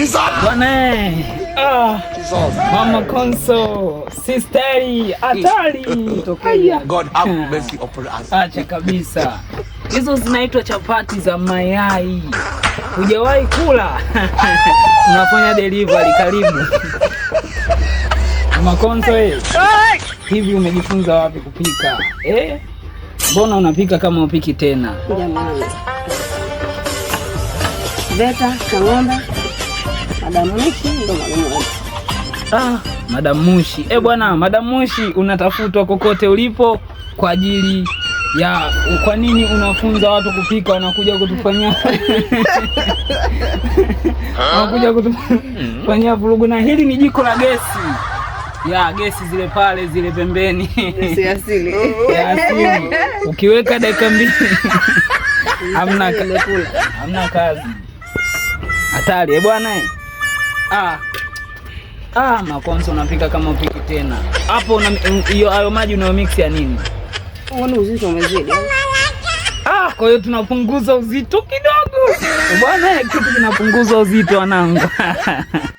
Ah, ah. acha kabisa hizo zinaitwa chapati za mayai. Hujawahi kula? Unafanya delivery karibu. Makonso. Eh. hivi umejifunza wapi kupika eh? Mbona unapika kama upiki tena? Jamani. Veta, Madam Mushi ndo mwalimu Ah, Madam Mushi. Eh, bwana Madam Mushi unatafutwa kokote ulipo kwa ajili ya kwa nini unafunza watu kupika, wanakuja kutufanyia wanakuja kutufanyia hmm. vurugu, na hili ni jiko la gesi ya gesi zile pale zile pembeni ya asili ukiweka dakika mbili hamna kazi, hatari eh, bwana. Eh. Ah. Ah, Makonso unapika kama upiki tena. Hapo hiyo hayo maji unayo mix ya nini? Unaona uzito umezidi. Ah, kwa hiyo tunapunguza uzito kidogo. Bwana kitu kinapunguza uzito wanangu.